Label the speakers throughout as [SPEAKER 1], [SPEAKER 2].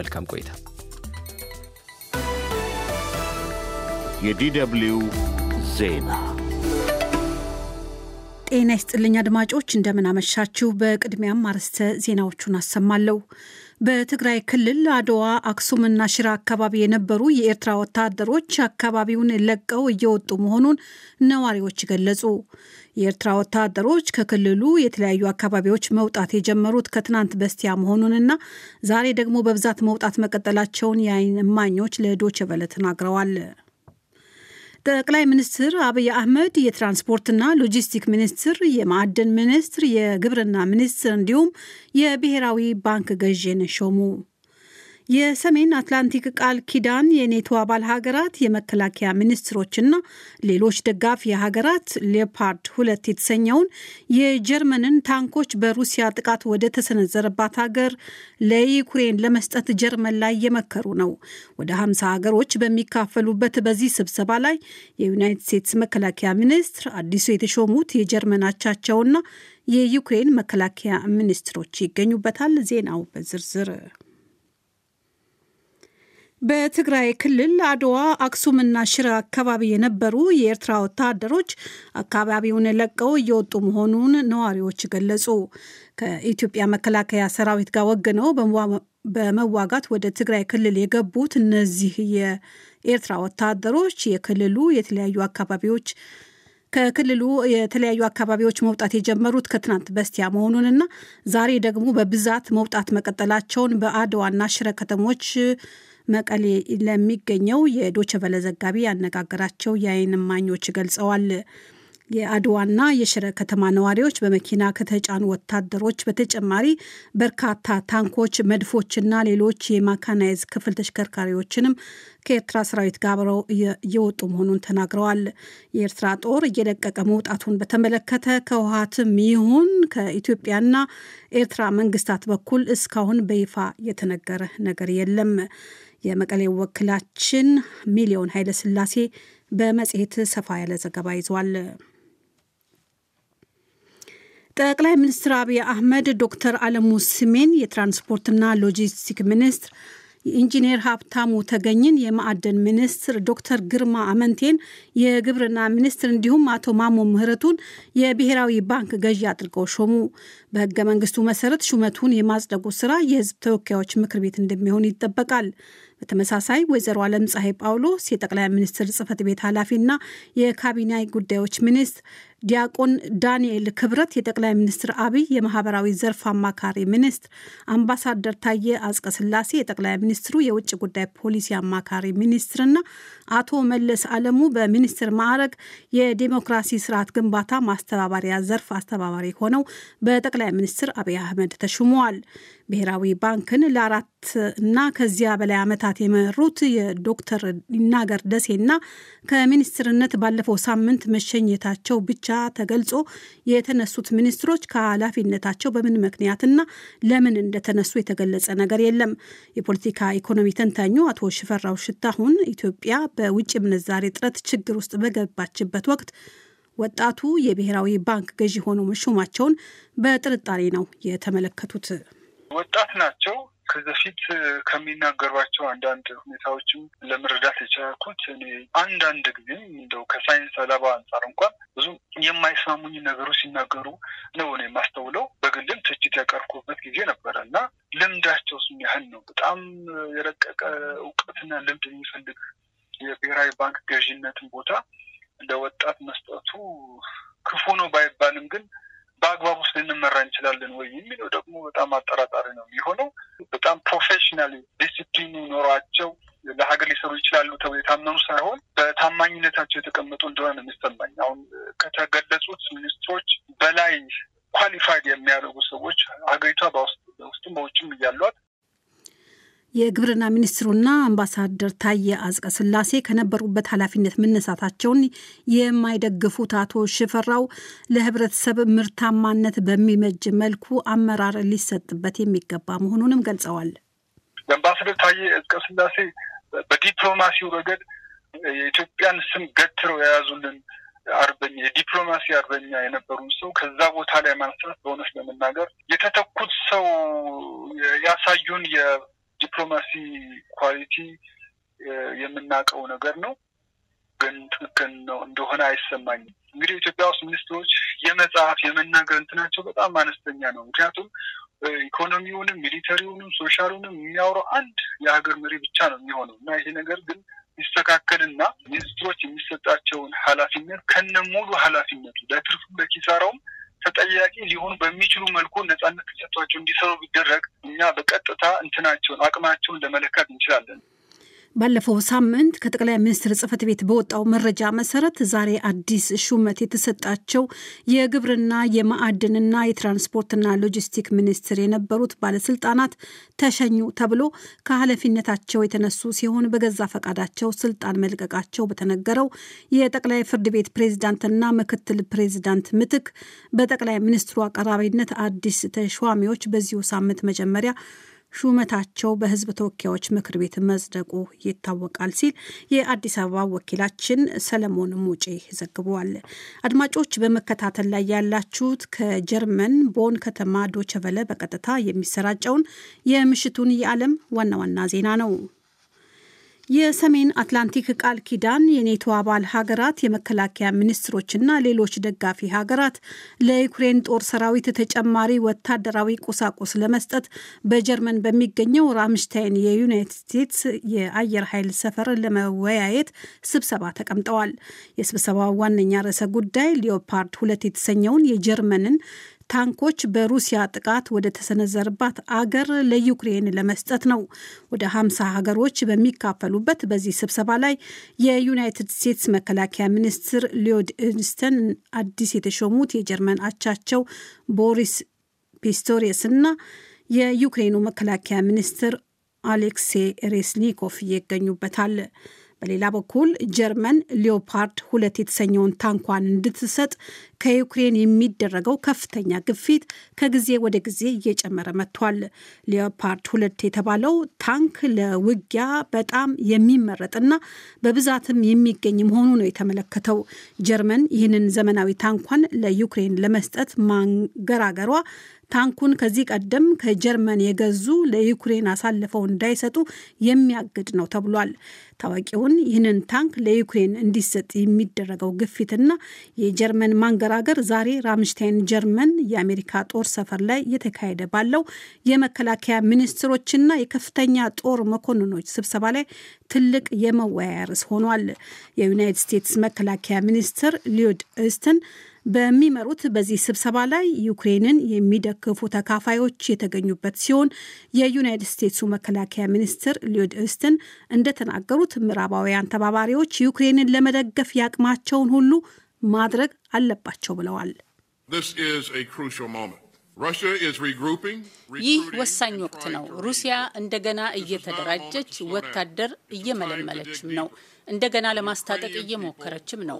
[SPEAKER 1] መልካም ቆይታ። የዲደብሊው ዜና ጤና ይስጥልኝ አድማጮች፣ እንደምን አመሻችሁ። በቅድሚያም አርስተ ዜናዎቹን አሰማለሁ። በትግራይ ክልል አድዋ፣ አክሱምና ሽራ አካባቢ የነበሩ የኤርትራ ወታደሮች አካባቢውን ለቀው እየወጡ መሆኑን ነዋሪዎች ገለጹ። የኤርትራ ወታደሮች ከክልሉ የተለያዩ አካባቢዎች መውጣት የጀመሩት ከትናንት በስቲያ መሆኑንና ዛሬ ደግሞ በብዛት መውጣት መቀጠላቸውን የዓይን እማኞች ለዶቼ ቬለ ተናግረዋል። ጠቅላይ ሚኒስትር አብይ አህመድ የትራንስፖርትና ሎጂስቲክ ሚኒስትር፣ የማዕድን ሚኒስትር፣ የግብርና ሚኒስትር እንዲሁም የብሔራዊ ባንክ ገዥን ሾሙ። የሰሜን አትላንቲክ ቃል ኪዳን የኔቶ አባል ሀገራት የመከላከያ ሚኒስትሮችና ሌሎች ደጋፊ ሀገራት ሌፓርድ ሁለት የተሰኘውን የጀርመንን ታንኮች በሩሲያ ጥቃት ወደ ተሰነዘረባት ሀገር ለዩክሬን ለመስጠት ጀርመን ላይ የመከሩ ነው። ወደ 50 ሀገሮች በሚካፈሉበት በዚህ ስብሰባ ላይ የዩናይትድ ስቴትስ መከላከያ ሚኒስትር አዲሱ የተሾሙት የጀርመን አቻቸውና የዩክሬን መከላከያ ሚኒስትሮች ይገኙበታል። ዜናው በዝርዝር በትግራይ ክልል አድዋ፣ አክሱምና ሽረ አካባቢ የነበሩ የኤርትራ ወታደሮች አካባቢውን ለቀው እየወጡ መሆኑን ነዋሪዎች ገለጹ። ከኢትዮጵያ መከላከያ ሰራዊት ጋር ወግነው በመዋጋት ወደ ትግራይ ክልል የገቡት እነዚህ የኤርትራ ወታደሮች የክልሉ የተለያዩ አካባቢዎች ከክልሉ የተለያዩ አካባቢዎች መውጣት የጀመሩት ከትናንት በስቲያ መሆኑንና ዛሬ ደግሞ በብዛት መውጣት መቀጠላቸውን በአድዋና ሽረ ከተሞች መቀሌ ለሚገኘው የዶቸ ዘጋቢ ያነጋገራቸው የአይን እማኞች ገልጸዋል። የአድዋና የሽረ ከተማ ነዋሪዎች በመኪና ከተጫኑ ወታደሮች በተጨማሪ በርካታ ታንኮች፣ መድፎችና ሌሎች የማካናይዝ ክፍል ተሽከርካሪዎችንም ከኤርትራ ሰራዊት ጋር አብረው እየወጡ መሆኑን ተናግረዋል። የኤርትራ ጦር እየለቀቀ መውጣቱን በተመለከተ ከውሃትም ይሁን ከኢትዮጵያና ኤርትራ መንግስታት በኩል እስካሁን በይፋ የተነገረ ነገር የለም። የመቀሌ ወክላችን ሚሊዮን ኃይለስላሴ በመጽሔት ሰፋ ያለ ዘገባ ይዟል። ጠቅላይ ሚኒስትር አብይ አህመድ ዶክተር አለሙ ስሜን የትራንስፖርትና ሎጂስቲክ ሚኒስትር ኢንጂነር ሀብታሙ ተገኝን የማዕድን ሚኒስትር፣ ዶክተር ግርማ አመንቴን የግብርና ሚኒስትር እንዲሁም አቶ ማሞ ምህረቱን የብሔራዊ ባንክ ገዢ አድርገው ሾሙ። በህገ መንግስቱ መሰረት ሹመቱን የማጽደጉ ስራ የህዝብ ተወካዮች ምክር ቤት እንደሚሆን ይጠበቃል። በተመሳሳይ ወይዘሮ ዓለም ፀሐይ ጳውሎስ የጠቅላይ ሚኒስትር ጽፈት ቤት ኃላፊና የካቢኔ ጉዳዮች ሚኒስትር፣ ዲያቆን ዳንኤል ክብረት የጠቅላይ ሚኒስትር አብይ የማህበራዊ ዘርፍ አማካሪ ሚኒስትር፣ አምባሳደር ታየ አጽቀስላሴ የጠቅላይ ሚኒስትሩ የውጭ ጉዳይ ፖሊሲ አማካሪ ሚኒስትርና አቶ መለስ አለሙ በሚኒስትር ማዕረግ የዴሞክራሲ ስርዓት ግንባታ ማስተባበሪያ ዘርፍ አስተባባሪ ሆነው በጠቅላይ ሚኒስትር አብይ አህመድ ተሹመዋል። ብሔራዊ ባንክን ለአራት እና ከዚያ በላይ ዓመት ዓመታት የመሩት የዶክተር ይናገር ደሴና ከሚኒስትርነት ባለፈው ሳምንት መሸኘታቸው ብቻ ተገልጾ የተነሱት ሚኒስትሮች ከኃላፊነታቸው በምን ምክንያትና ለምን እንደተነሱ የተገለጸ ነገር የለም። የፖለቲካ ኢኮኖሚ ተንታኙ አቶ ሽፈራው ሽታሁን ኢትዮጵያ በውጭ ምንዛሬ እጥረት ችግር ውስጥ በገባችበት ወቅት ወጣቱ የብሔራዊ ባንክ ገዢ ሆኖ መሾማቸውን በጥርጣሬ ነው የተመለከቱት።
[SPEAKER 2] ወጣት ናቸው። ከዚህ በፊት ከሚናገሯቸው አንዳንድ ሁኔታዎችም ለመረዳት የቻልኩት እኔ አንዳንድ ጊዜም እንደው ከሳይንስ አላባ አንጻር እንኳን ብዙ የማይስማሙኝ ነገሮች ሲናገሩ ነው እኔ የማስተውለው። በግልም ትችት ያቀርኩበት ጊዜ ነበረ እና ልምዳቸው ስም ያህል ነው። በጣም የረቀቀ እውቀትና ልምድ የሚፈልግ የብሔራዊ ባንክ ገዥነትን ቦታ ለወጣት መስጠቱ ክፉ ነው ባይባልም ግን በአግባቡ ውስጥ ልንመራ እንችላለን ወይ የሚለው ደግሞ በጣም አጠራጣሪ ነው የሚሆነው። በጣም ፕሮፌሽናል ዲሲፕሊን ኖሯቸው ለሀገር ሊሰሩ ይችላሉ ተብሎ የታመኑ ሳይሆን በታማኝነታቸው የተቀመጡ እንደሆነ የሚሰማኝ። አሁን ከተገለጹት ሚኒስትሮች በላይ ኳሊፋይድ የሚያደርጉ ሰዎች ሀገሪቷ በውስጥም በውጭም እያሏት
[SPEAKER 1] የግብርና ሚኒስትሩና አምባሳደር ታየ አጽቀ ስላሴ ከነበሩበት ኃላፊነት መነሳታቸውን የማይደግፉት አቶ ሽፈራው ለህብረተሰብ ምርታማነት በሚመጅ መልኩ አመራር ሊሰጥበት የሚገባ መሆኑንም ገልጸዋል።
[SPEAKER 2] የአምባሳደር ታየ አጽቀ ስላሴ በዲፕሎማሲው ረገድ የኢትዮጵያን ስም ገትረው የያዙልን አርበኛ የዲፕሎማሲ አርበኛ የነበሩን ሰው ከዛ ቦታ ላይ ማንሳት በእውነት ለመናገር የተተኩት ሰው ያሳዩን የዲፕሎማሲ ኳሊቲ የምናውቀው ነገር ነው፣ ግን ትክክል ነው እንደሆነ አይሰማኝም። እንግዲህ ኢትዮጵያ ውስጥ ሚኒስትሮች የመጽሐፍ የመናገር እንትናቸው በጣም አነስተኛ ነው። ምክንያቱም ኢኮኖሚውንም ሚሊተሪውንም ሶሻሉንም የሚያወራው አንድ የሀገር መሪ ብቻ ነው የሚሆነው እና ይሄ ነገር ግን ይስተካከልና ሚኒስትሮች የሚሰጣቸውን ኃላፊነት ከነ ሙሉ ኃላፊነቱ ለትርፉም ለኪሳራውም ተጠያቂ ሊሆኑ በሚችሉ መልኩ ነጻነት ተሰጥቷቸው እንዲሰሩ ቢደረግ እኛ በቀጥታ እንትናቸውን አቅማቸውን ለመለካት እንችላለን።
[SPEAKER 1] ባለፈው ሳምንት ከጠቅላይ ሚኒስትር ጽህፈት ቤት በወጣው መረጃ መሰረት ዛሬ አዲስ ሹመት የተሰጣቸው የግብርና የማዕድንና የትራንስፖርትና ሎጂስቲክ ሚኒስትር የነበሩት ባለስልጣናት ተሸኙ ተብሎ ከኃላፊነታቸው የተነሱ ሲሆን በገዛ ፈቃዳቸው ስልጣን መልቀቃቸው በተነገረው የጠቅላይ ፍርድ ቤት ፕሬዝዳንትና ምክትል ፕሬዝዳንት ምትክ በጠቅላይ ሚኒስትሩ አቀራቢነት አዲስ ተሿሚዎች በዚሁ ሳምንት መጀመሪያ ሹመታቸው በህዝብ ተወካዮች ምክር ቤት መጽደቁ ይታወቃል ሲል የአዲስ አበባ ወኪላችን ሰለሞን ሙጬ ዘግበዋል። አድማጮች በመከታተል ላይ ያላችሁት ከጀርመን ቦን ከተማ ዶቸቨለ በቀጥታ የሚሰራጨውን የምሽቱን የዓለም ዋና ዋና ዜና ነው። የሰሜን አትላንቲክ ቃል ኪዳን የኔቶ አባል ሀገራት የመከላከያ ሚኒስትሮችና ሌሎች ደጋፊ ሀገራት ለዩክሬን ጦር ሰራዊት ተጨማሪ ወታደራዊ ቁሳቁስ ለመስጠት በጀርመን በሚገኘው ራምሽታይን የዩናይትድ ስቴትስ የአየር ኃይል ሰፈር ለመወያየት ስብሰባ ተቀምጠዋል። የስብሰባው ዋነኛ ርዕሰ ጉዳይ ሊዮፓርድ ሁለት የተሰኘውን የጀርመንን ታንኮች በሩሲያ ጥቃት ወደ ተሰነዘረባት አገር ለዩክሬን ለመስጠት ነው። ወደ 50 ሀገሮች በሚካፈሉበት በዚህ ስብሰባ ላይ የዩናይትድ ስቴትስ መከላከያ ሚኒስትር ሊዮድ ኢንስተን አዲስ የተሾሙት የጀርመን አቻቸው ቦሪስ ፒስቶሪየስ እና የዩክሬኑ መከላከያ ሚኒስትር አሌክሴ ሬስኒኮቭ ይገኙበታል። በሌላ በኩል ጀርመን ሊዮፓርድ ሁለት የተሰኘውን ታንኳን እንድትሰጥ ከዩክሬን የሚደረገው ከፍተኛ ግፊት ከጊዜ ወደ ጊዜ እየጨመረ መጥቷል። ሊዮፓርድ ሁለት የተባለው ታንክ ለውጊያ በጣም የሚመረጥና በብዛትም የሚገኝ መሆኑ ነው የተመለከተው። ጀርመን ይህንን ዘመናዊ ታንኳን ለዩክሬን ለመስጠት ማንገራገሯ ታንኩን ከዚህ ቀደም ከጀርመን የገዙ ለዩክሬን አሳልፈው እንዳይሰጡ የሚያግድ ነው ተብሏል። ታዋቂውን ይህንን ታንክ ለዩክሬን እንዲሰጥ የሚደረገው ግፊትና የጀርመን ማንገራ ሀገር ዛሬ ራምሽታይን ጀርመን የአሜሪካ ጦር ሰፈር ላይ እየተካሄደ ባለው የመከላከያ ሚኒስትሮችና የከፍተኛ ጦር መኮንኖች ስብሰባ ላይ ትልቅ የመወያያ ርዕስ ሆኗል። የዩናይትድ ስቴትስ መከላከያ ሚኒስትር ሊዩድ እስትን በሚመሩት በዚህ ስብሰባ ላይ ዩክሬንን የሚደግፉ ተካፋዮች የተገኙበት ሲሆን የዩናይትድ ስቴትሱ መከላከያ ሚኒስትር ሊዮድ እስትን እንደተናገሩት ምዕራባውያን ተባባሪዎች ዩክሬንን ለመደገፍ ያቅማቸውን ሁሉ ማድረግ አለባቸው ብለዋል። ይህ ወሳኝ ወቅት ነው። ሩሲያ እንደገና እየተደራጀች ወታደር እየመለመለችም ነው። እንደገና ለማስታጠቅ እየሞከረችም ነው።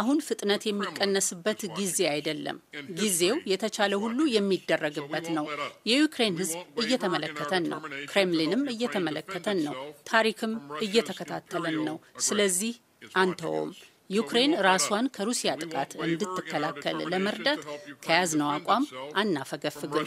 [SPEAKER 1] አሁን ፍጥነት የሚቀነስበት ጊዜ አይደለም። ጊዜው የተቻለ ሁሉ የሚደረግበት ነው። የዩክሬን ሕዝብ እየተመለከተን ነው። ክሬምሊንም እየተመለከተን ነው። ታሪክም እየተከታተለን ነው። ስለዚህ አንተውም። ዩክሬን ራሷን ከሩሲያ ጥቃት እንድትከላከል ለመርዳት ከያዝነው አቋም አናፈገፍግም።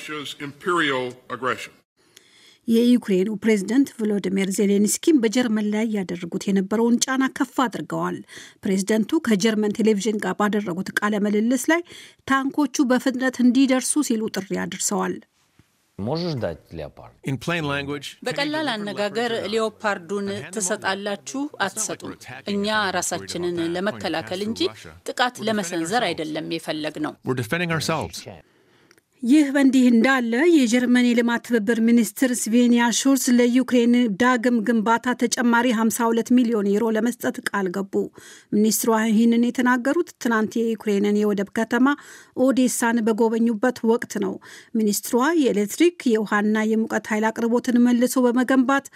[SPEAKER 1] የዩክሬኑ ፕሬዝደንት ቮሎዲሚር ዜሌንስኪ በጀርመን ላይ ያደረጉት የነበረውን ጫና ከፍ አድርገዋል። ፕሬዝደንቱ ከጀርመን ቴሌቪዥን ጋር ባደረጉት ቃለ ምልልስ ላይ ታንኮቹ በፍጥነት እንዲደርሱ ሲሉ ጥሪ አድርሰዋል። በቀላል አነጋገር ሊዮፓርዱን ትሰጣላችሁ አትሰጡም? እኛ ራሳችንን ለመከላከል እንጂ ጥቃት ለመሰንዘር አይደለም የፈለግ ነው። ይህ በእንዲህ እንዳለ የጀርመን የልማት ትብብር ሚኒስትር ስቬኒያ ሹርስ ለዩክሬን ዳግም ግንባታ ተጨማሪ 52 ሚሊዮን ዩሮ ለመስጠት ቃል ገቡ። ሚኒስትሯ ይህንን የተናገሩት ትናንት የዩክሬንን የወደብ ከተማ ኦዴሳን በጎበኙበት ወቅት ነው። ሚኒስትሯ የኤሌክትሪክ የውሃና የሙቀት ኃይል አቅርቦትን መልሶ በመገንባት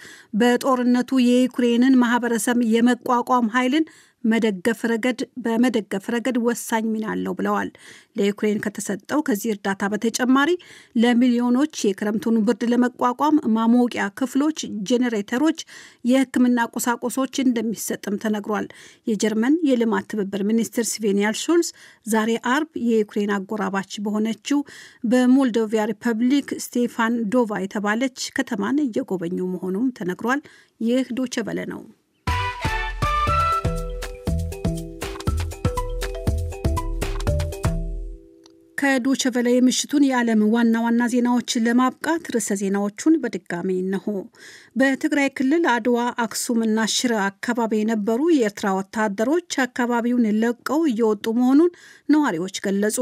[SPEAKER 1] በጦርነቱ የዩክሬንን ማህበረሰብ የመቋቋም ኃይልን መደገፍ ረገድ በመደገፍ ረገድ ወሳኝ ሚና አለው ብለዋል። ለዩክሬን ከተሰጠው ከዚህ እርዳታ በተጨማሪ ለሚሊዮኖች የክረምቱን ብርድ ለመቋቋም ማሞቂያ ክፍሎች፣ ጄኔሬተሮች፣ የሕክምና ቁሳቁሶች እንደሚሰጥም ተነግሯል። የጀርመን የልማት ትብብር ሚኒስትር ስቬኒያል ሹልስ ዛሬ አርብ የዩክሬን አጎራባች በሆነችው በሞልዶቪያ ሪፐብሊክ ስቴፋን ዶቫ የተባለች ከተማን እየጎበኙ መሆኑም ተነግሯል። ይህ ዶቸበለ በለ ነው። ከዶቸቨለ የምሽቱን የዓለም ዋና ዋና ዜናዎች ለማብቃት ርዕሰ ዜናዎቹን በድጋሚ እነሆ። በትግራይ ክልል አድዋ፣ አክሱም እና ሽረ አካባቢ የነበሩ የኤርትራ ወታደሮች አካባቢውን ለቀው እየወጡ መሆኑን ነዋሪዎች ገለጹ።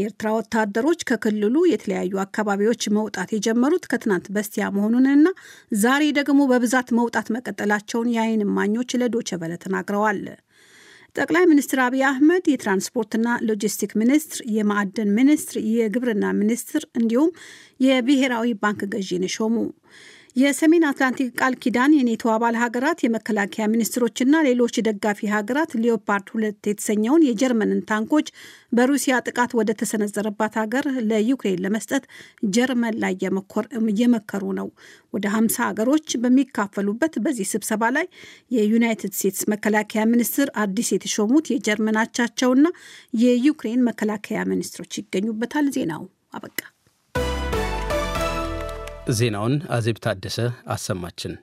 [SPEAKER 1] የኤርትራ ወታደሮች ከክልሉ የተለያዩ አካባቢዎች መውጣት የጀመሩት ከትናንት በስቲያ መሆኑንና ዛሬ ደግሞ በብዛት መውጣት መቀጠላቸውን የዓይን እማኞች ለዶቸቨለ ተናግረዋል። ጠቅላይ ሚኒስትር አብይ አህመድ የትራንስፖርትና ሎጂስቲክ ሚኒስትር፣ የማዕድን ሚኒስትር፣ የግብርና ሚኒስትር እንዲሁም የብሔራዊ ባንክ ገዢን ሾሙ። የሰሜን አትላንቲክ ቃል ኪዳን የኔቶ አባል ሀገራት የመከላከያ ሚኒስትሮችና ሌሎች ደጋፊ ሀገራት ሊዮፓርድ ሁለት የተሰኘውን የጀርመንን ታንኮች በሩሲያ ጥቃት ወደ ተሰነዘረባት ሀገር ለዩክሬን ለመስጠት ጀርመን ላይ እየመከሩ ነው። ወደ 50 ሀገሮች በሚካፈሉበት በዚህ ስብሰባ ላይ የዩናይትድ ስቴትስ መከላከያ ሚኒስትር አዲስ የተሾሙት የጀርመናቻቸውና የዩክሬን መከላከያ ሚኒስትሮች ይገኙበታል። ዜናው አበቃ። ዜናውን አዜብ ታደሰ አሰማችን።